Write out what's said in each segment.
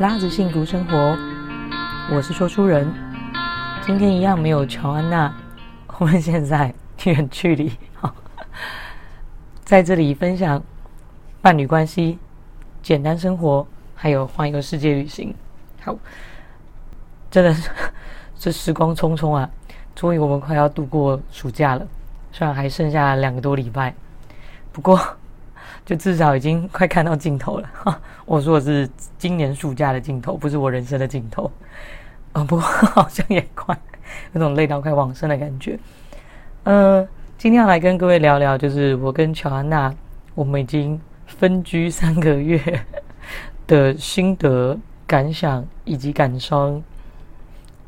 拉子幸福生活，我是說書人。今天一樣沒有喬安納，我們現在遠距離哈，在這裡分享伴侶關係、簡單生活，還有環遊世界旅行。好，真的是這時光匆匆啊！終於我們快要度過暑假了，雖然還剩下兩個多禮拜，不過。就至少已經快看到盡頭了哈、啊！我說的是今年暑假的盡頭，不是我人生的盡頭。哦、嗯，不過好像也快，那種累到快往生的感覺。嗯、呃，今天要來跟各位聊聊，就是我跟喬安娜，我們已經分居三個月的心得、感想以及感傷。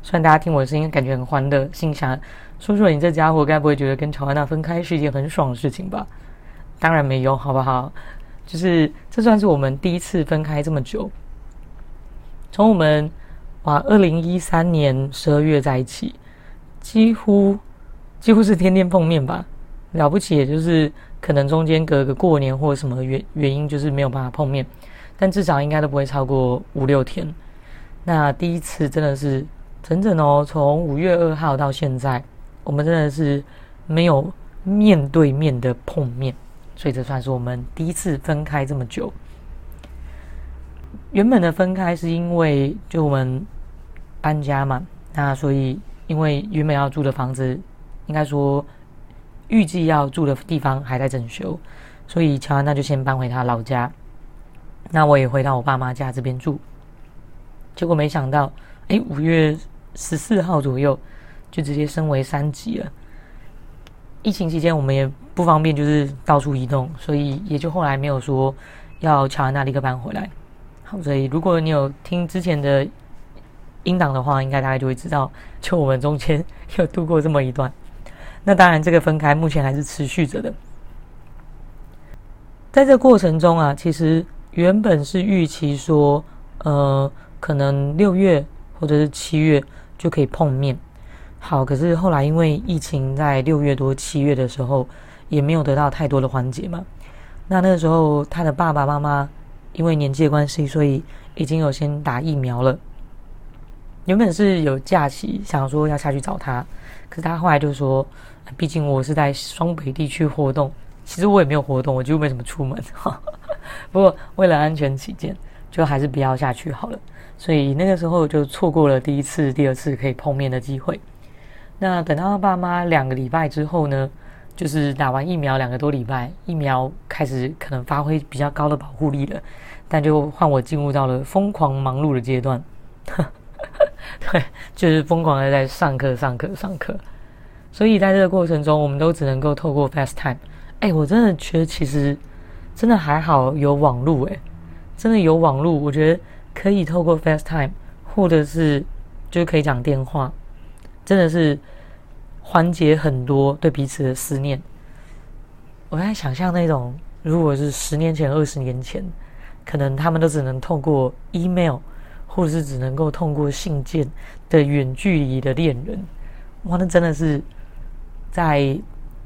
雖然大家聽我的聲音感覺很歡樂，心想說說你這家伙，該不會覺得跟喬安娜分開是一件很爽的事情吧？當然沒有，好不好？就是這算是我們第一次分開這麼久。從我們啊，二零一三年十二月在一起，幾乎幾乎是天天碰面吧。了不起，也就是可能中間隔個過年或什麼原原因，就是沒有辦法碰面。但至少應該都不會超過五六天。那第一次真的是整整哦，從五月二號到現在，我們真的是沒有面對面的碰面。所以這算是我們第一次分開這麼久。原本的分開是因為就我們搬家嘛，那所以因為原本要住的房子，應該說預計要住的地方還在整修，所以喬安納就先搬回她老家，那我也回到我爸媽家這邊住。結果沒想到，哎，五月十四號左右就直接升為三級了。疫情期間，我們也不方便，就是到處移動，所以也就後來沒有說要喬安娜立刻搬回來。好，所以如果你有聽之前的音檔的話，應該大概就會知道，就我們中間有度過這麼一段。那當然，這個分開目前還是持續着的。在這過程中啊，其實原本是預期說，呃，可能六月或者是七月就可以碰面。好，可是後來因為疫情，在六月多七月的時候，也沒有得到太多的緩解嘛。那那個時候，他的爸爸媽媽因為年紀的關係，所以已經有先打疫苗了。原本是有假期，想說要下去找他，可是他後來就說：“畢竟我是在雙北地區活動，其實我也沒有活動，我幾乎沒怎麼出門。哈哈”不過為了安全起見，就還是不要下去好了。所以那個時候就錯過了第一次、第二次可以碰面的機會。那等到爸媽兩個禮拜之後呢，就是打完疫苗兩個多禮拜，疫苗開始可能發揮比較高的保護力了，但就換我進入到了瘋狂忙碌的階段， 對，就是瘋狂的在上課上課上課。所以在這個過程中，我們都只能夠透過 FaceTime 哎、欸，我真的覺得其實真的還好有網絡誒、欸，真的有網絡，我覺得可以透過 FaceTime 或者是就可以講電話。真的是緩解很多對彼此的思念。我剛才想象那種，如果是十年前、二十年前，可能他們都只能透過 email，或者是只能夠透過信件的遠距離的戀人，哇，那真的是在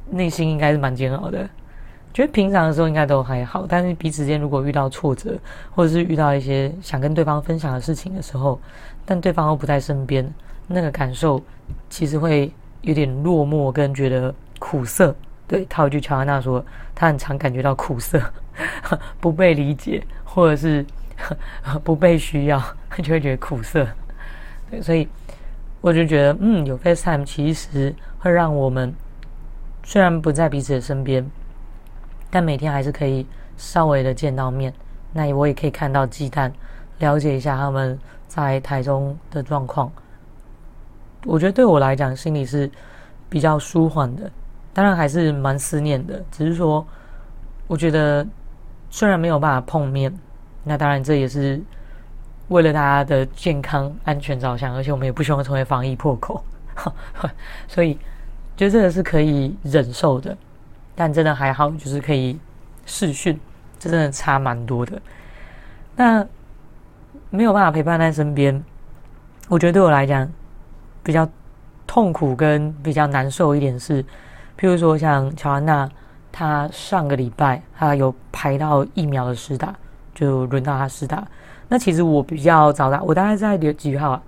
內心應該是蠻煎熬的。覺得平常的時候應該都還好，但是彼此間如果遇到挫折，或者是遇到一些想跟對方分享的事情的時候，但對方又不在身邊。那個感受其實會有點落寞，跟覺得苦澀。對，套一句喬安娜說：“她很常感覺到苦澀，不被理解，或者是不被需要，他就會覺得苦澀。”對，所以我就覺得，嗯，有 FaceTime 其實會讓我們雖然不在彼此的身邊，但每天還是可以稍微的見到面。那我也可以看到雞蛋，了解一下他們在台中的狀況。我覺得對我來講，心裡是比較舒緩的。當然還是蠻思念的，只是說，我覺得雖然沒有辦法碰面，那當然這也是為了大家的健康安全着想，而且我們也不希望成為防疫破口， 所以覺得這個是可以忍受的。但真的還好，就是可以視訊，這真的差蠻多的。那沒有辦法陪伴在身邊，我覺得對我來講。比較痛苦跟比較難受一點是，譬如說像喬安娜，她上個禮拜她有排到疫苗的施打，就輪到她施打。那其實我比較早打，我大概在幾號啊？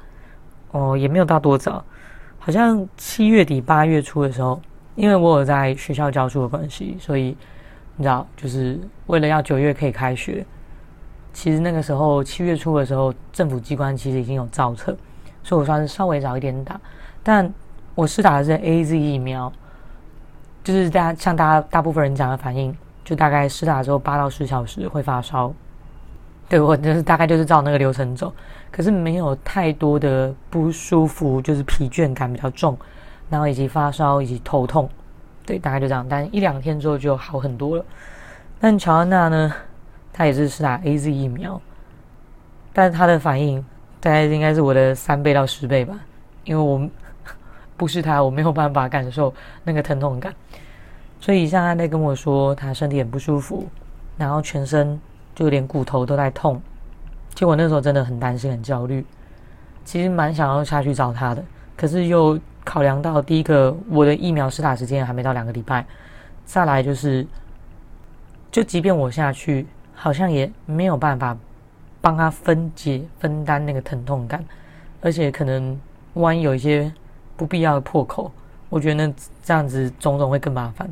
哦，也沒有到多早，好像七月底八月初的時候，因為我有在學校教書的關係，所以你知道，就是為了要九月可以開學，其實那個時候七月初的時候，政府機關其實已經有造冊。所以我算是稍微早一點打，但我施打的是 AZ 疫苗，就是大家像大家大部分人講的反應，就大概施打之後八到十小時會發燒，對，我就是大概就是照那個流程走，可是沒有太多的不舒服，就是疲倦感比較重，然後以及發燒以及頭痛，對，大概就這樣，但一兩天之後就好很多了。但喬安娜呢，她也是施打 AZ 疫苗，但她的反應。大概應該是我的三倍到十倍吧，因為我不是他，我沒有辦法感受那個疼痛感，所以像他在跟我說他身體很不舒服，然後全身就連骨頭都在痛，結果那時候真的很擔心很焦慮，其實蠻想要下去找他的，可是又考量到第一個我的疫苗施打時間還沒到兩個禮拜，再來就是就即便我下去，好像也沒有辦法。幫他分解分擔那個疼痛感，而且可能萬一有一些不必要的破口，我覺得那這樣子種種會更麻煩。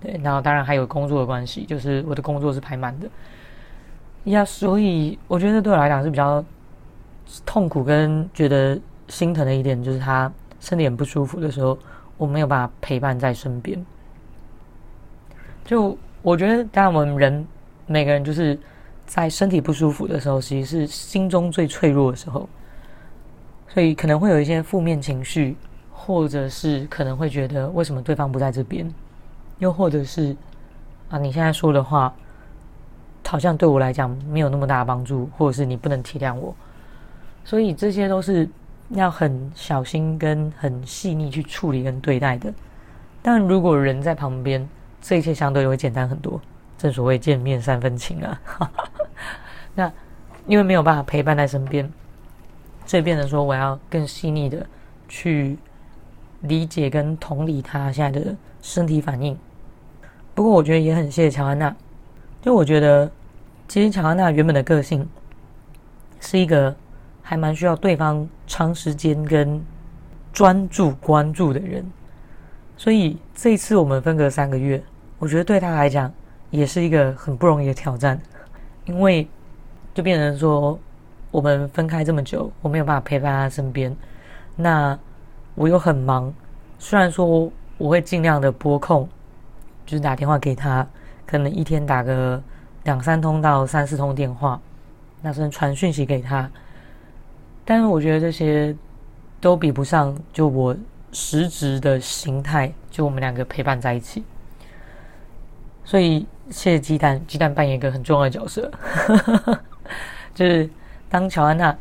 對，然後當然還有工作的關係，就是我的工作是排滿的呀，所以我覺得對我來講是比較痛苦跟覺得心疼的一點，就是他身體很不舒服的時候，我沒有辦法陪伴在身邊。就我覺得，當然我們人每個人就是。在身體不舒服的時候，其實是心中最脆弱的時候，所以可能會有一些負面情緒，或者是可能會覺得為什麼對方不在這邊，又或者是啊你現在說的話好像對我來講沒有那麼大的幫助，或者是你不能體諒我，所以這些都是要很小心跟很細膩去處理跟對待的。但如果人在旁邊，這一切相對會簡單很多。正所謂見面三分情啊。哈哈那，因為沒有辦法陪伴在身邊，所以變成說我要更細膩的去理解跟同理他現在的身體反應。不過，我覺得也很謝謝喬安娜，就我覺得其實喬安娜原本的個性是一個還蠻需要對方長時間跟專注關注的人，所以這一次我們分隔三個月，我覺得對他來講也是一個很不容易的挑戰，因為。就變成說，我們分開這麼久，我沒有辦法陪伴他身邊。那我又很忙，雖然說我會盡量的撥空，就是打電話給他，可能一天打個兩三通到三四通電話，那是傳訊息給他。但是我覺得這些都比不上就我實質的形態，就我們兩個陪伴在一起。所以謝謝雞蛋，雞蛋扮演一個很重要的角色。 就是當喬安娜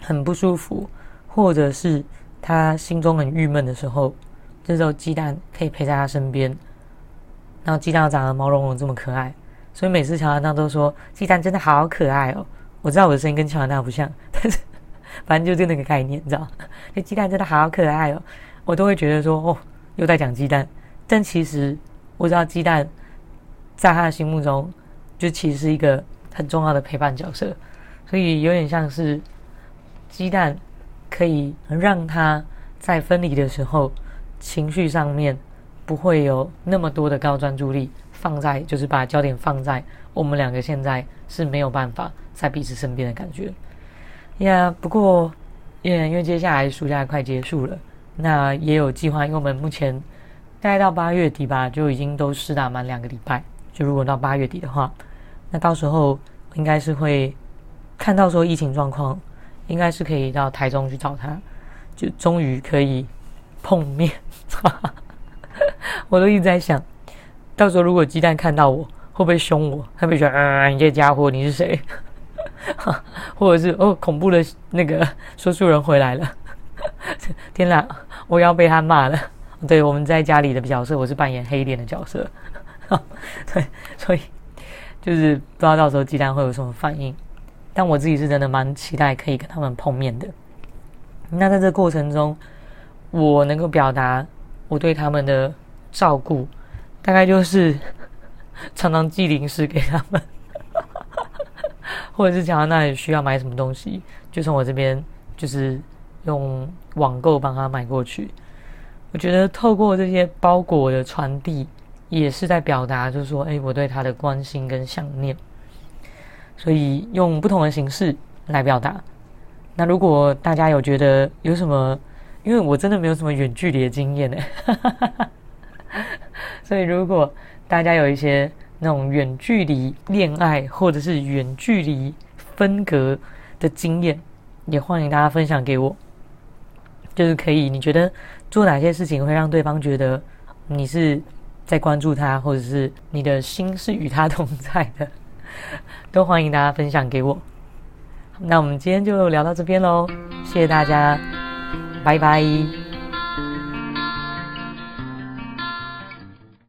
很不舒服，或者是她心中很鬱悶的時候，這時候雞蛋可以陪在她身邊。然後雞蛋長得毛茸茸，這麼可愛，所以每次喬安娜都說：“雞蛋真的好好可愛哦！”我知道我的聲音跟喬安娜不像，但是反正就是那個概念，你知道？這雞蛋真的好好可愛哦！我都會覺得說：“哦，又在講雞蛋。”但其實我知道，雞蛋在她的心目中，就其實是一個。很重要的陪伴角色，所以有點像是雞蛋，可以讓他在分離的時候，情緒上面不會有那麼多的高專注力放在，就是把焦點放在我們兩個現在是沒有辦法在彼此身邊的感覺。呀、yeah，不過，嗯，因為接下來暑假快結束了，那也有計劃，因為我們目前大概到八月底吧，就已經都施打滿兩個禮拜，就如果到八月底的話。那到時候應該是會看到說疫情狀況，應該是可以到台中去找他，就終於可以碰面。 我都一直在想到時候如果雞蛋看到我會不會凶我？會不會覺得、呃、你這傢伙，你是誰？ 或者是哦，恐怖的那個說書人回來了？ 天吶，我要被他罵了。對，我們在家裡的角色，我是扮演黑臉的角色， 對，所以。就是不知道到時候雞蛋會有什麼反應，但我自己是真的蠻期待可以跟他們碰面的。那在這個過程中，我能夠表達我對他們的照顧，大概就是常常寄零食給他們，或者是想要那裡需要買什麼東西，就從我這邊就是用網購幫他買過去。我覺得透過這些包裹的傳遞，也是在表達，就是說，誒，我對他的關心跟想念，所以用不同的形式來表達。那如果大家有覺得有什麼，因為我真的沒有什麼遠距離的經驗呢， 所以如果大家有一些那種遠距離戀愛或者是遠距離分隔的經驗，也歡迎大家分享給我。就是可以，你覺得做哪些事情會讓對方覺得你是在關注他，或者是你的心是與他同在的，都歡迎大家分享給我。那我們今天就聊到這邊嘍，謝謝大家，拜拜。